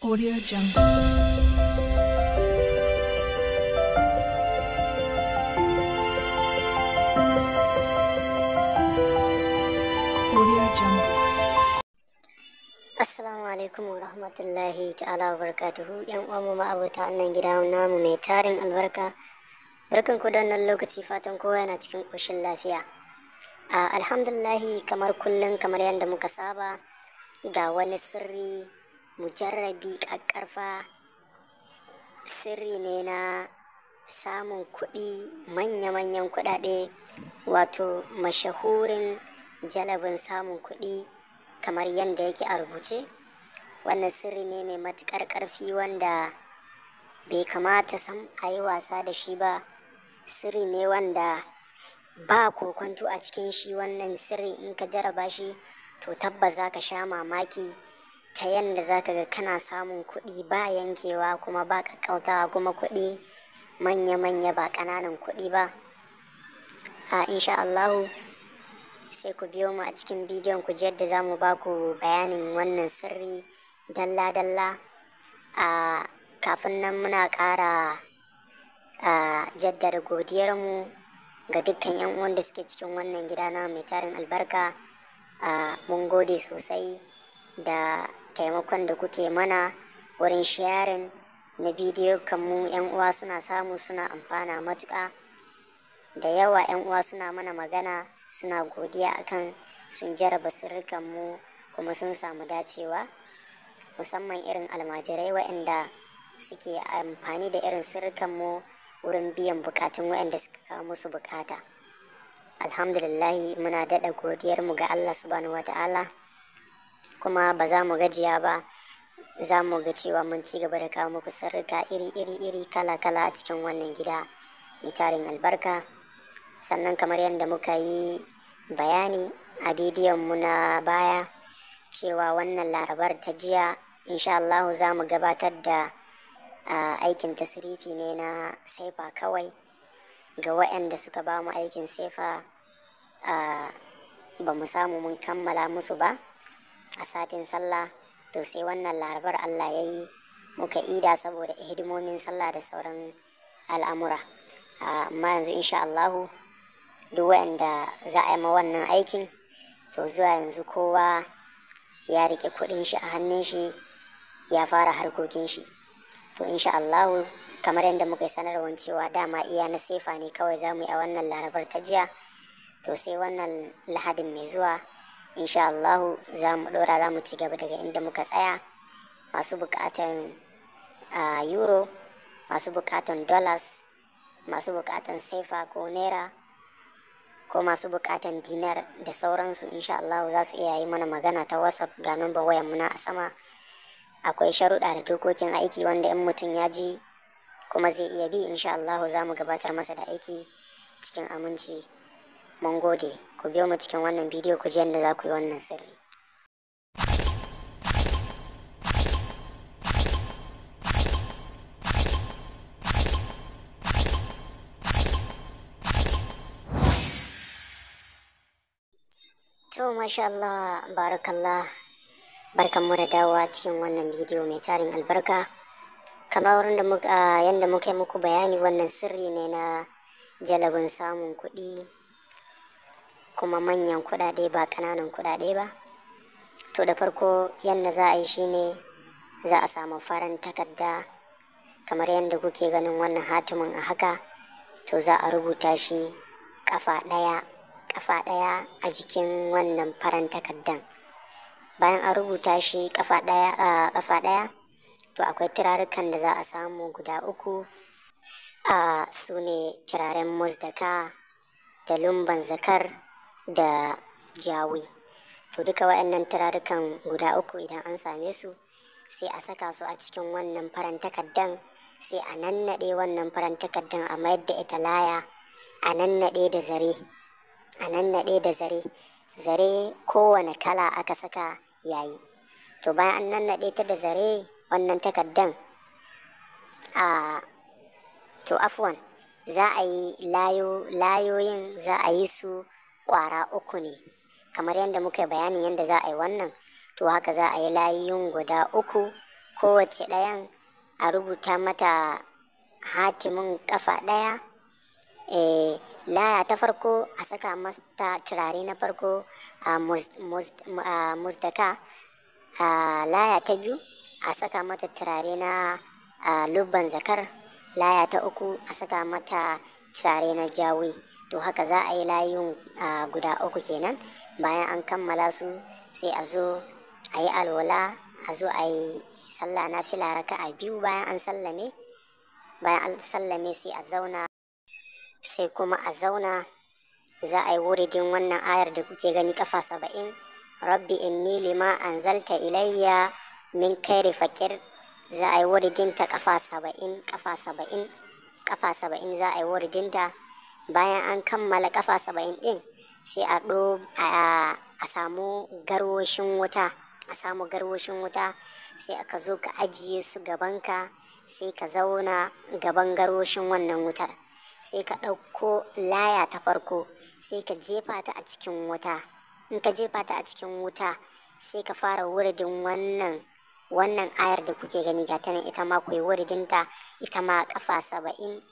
Audio Jungle. Assalamu alaikum wa rahmatullahi ta'ala wa barakatuhu yan uwanmu ma'abota annan gida namu mai tarin albarka barkan ku da lokaci fatan kowa yana cikin ƙoshin lafiya ah, alhamdulillahi kamar kullum kamar yadda muka saba ga wani sirri mujarrabi ƙaƙƙarfa sirri ne na samun kuɗi manya-manyan kuɗaɗe wato mashahurin jalabin samun kuɗi kamar yadda yake a rubuce wannan sirri ne mai matuƙar ƙarfi wanda bai kamata san a yi wasa da shi ba sirri ne wanda ba kokwanto a cikin shi wannan sirri in ka jaraba shi to tabbas za ka sha mamaki ta yadda za ka ga kana samun kuɗi ba yankewa kuma ba kakkautawa kuma kuɗi manya-manya ba ƙananan kuɗi ba a insha Allahu sai ku biyo mu a cikin bidiyon ku yadda za mu ba ku bayanin wannan sirri dalla-dalla a kafin nan muna ƙara a jaddada godiyarmu ga dukkan 'yan wanda da suke cikin wannan gida na mai tarin albarka mun gode sosai da taimakon da kuke mana wurin sharing na bidiyo kanmu yan uwa suna samu suna amfana matuƙa da yawa yan uwa suna mana magana suna godiya akan sun jaraba sirrikanmu kuma sun samu dacewa musamman irin almajirai waɗanda suke amfani da irin sirrikanmu wurin biyan bukatun waɗanda suka kawo musu bukata alhamdulillahi muna daɗa godiyarmu ga allah subhanahu ta'ala kuma ba za mu gajiya ba za mu ga cewa mun ci gaba da kawo muku sarrika iri-iri-iri kala-kala a cikin wannan gida mai tarin albarka sannan kamar yadda muka yi bayani a bidiyon mu na baya cewa wannan larabar ta jiya insha Allahu za mu gabatar da aikin tasirifi ne na saifa kawai ga waɗanda suka ba mu aikin saifa ba mu samu mun kammala musu ba a satin sallah to sai wannan larabar Allah ya yi muka ida saboda hidimomin sallah da sauran al'amura amma yanzu insha Allahu duk wanda za a yi ma wannan aikin to zuwa yanzu kowa ya rike kudin shi a hannun shi ya fara harkokin shi to insha Allahu kamar yadda muka yi sanarwar cewa dama iya na sefa ne kawai za mu yi a wannan larabar ta jiya to sai wannan lahadin mai zuwa insha Allahu za mu ɗora za mu ci gaba daga inda muka tsaya masu buƙatan euro masu buƙatan dollars masu buƙatan sefa ko naira ko masu bukatan dinar da sauransu insha Allah za su iya yi mana magana ta whatsapp ga number wayan muna a sama akwai sharuɗa da dokokin aiki wanda in mutum ya ji kuma zai iya bi insha Allah za mu gabatar masa da aiki cikin aminci mun gode ku biyo mu cikin wannan bidiyo ku ji yadda za ku yi wannan sirri to masha Allah barakallah mu da dawowa cikin wannan bidiyo mai tarin albarka kamar wurin muka yi muku bayani wannan sirri ne na jalabin samun kuɗi kuma manyan kuɗaɗe ba ƙananan kuɗaɗe ba to da farko yadda za a yi shine za a samu farin takarda kamar yadda kuke ganin wannan hatimin a haka to za a rubuta shi kafa ɗaya kafa daya a jikin wannan farin takardan bayan a rubuta shi kafa ɗaya a kafa ɗaya to akwai turarukan da za a samu guda uku a su ne turaren muzdaka da lumban zakar da jawi to duka waɗannan turarukan guda uku idan an same su sai a saka su a cikin wannan faran takardan sai a nannade wannan faran takardan a mayar da ita laya a nannade da zare a nannade da zare zare kowane kala aka saka yayi to bayan an nannade ta da zare wannan takardan a to afwan za a yi layoyin za a yi su ƙwara uku ne kamar yadda muka bayani yadda za a yi wannan to haka za a yi layiyun guda uku kowace ɗayan a rubuta mata hatimin ƙafa ɗaya eh, laya ta farko a saka mata turare na farko a musdaka laya ta biyu a saka mata turare na lubban zakar laya ta uku a saka mata turare na jawi to haka za a yi layun guda uku kenan bayan an kammala su sai a zo a yi alwala a zo a yi sallah na fila raka a biyu bayan an sallame bayan an sallame sai a zauna sai kuma a zauna za a yi wuridin wannan ayar da kuke gani kafa saba'in rabbi in inni lima anzalta ilayya min kairi fakir za a yi ta kafa saba'in kafa saba'in kafa saba'in za a yi ta bayan an kammala kafa saba'in ɗin sai a ɗo a samu garwashin wuta a samu garwashin wuta sai aka zo ka ajiye su gabanka sai ka zauna gaban garwashin wannan wutar sai ka ɗauko laya ta farko sai ka jefa ta a cikin wuta in ka jefa ta a cikin wuta sai ka fara wuridin wannan wannan ayar da kuke gani ga ta ita ma ku yi wuridinta ita ma kafa saba'in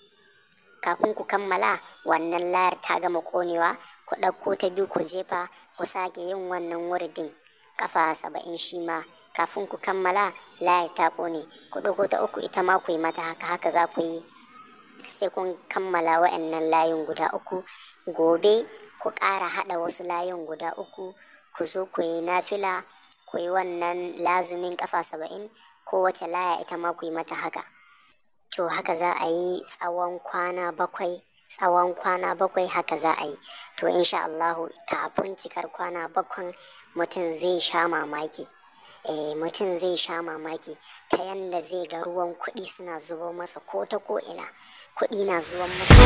kafin ku kammala wannan layar ta gama konewa ku ɗauko ta biyu ku jefa ku sake yin wannan wurdin kafa saba'in shi ma kafin ku kammala layar ta kone ku ɗauko ta uku ita ma ku yi mata haka haka za ku yi sai kun kammala wa'annan layin guda uku gobe ku ƙara haɗa wasu layin guda uku ku zo ku yi nafila ku yi wannan lazumin kafa saba'in ko kowace laya ita ma ku yi mata haka to haka za a yi tsawon kwana bakwai tsawon kwana bakwai haka za a yi to insha Allahu kafin cikar kwana bakwai mutum zai sha mamaki eh mutum zai sha mamaki ta yanda zai ga ruwan kuɗi suna zuba masa ko ta ko ina kuɗi na zuwan masa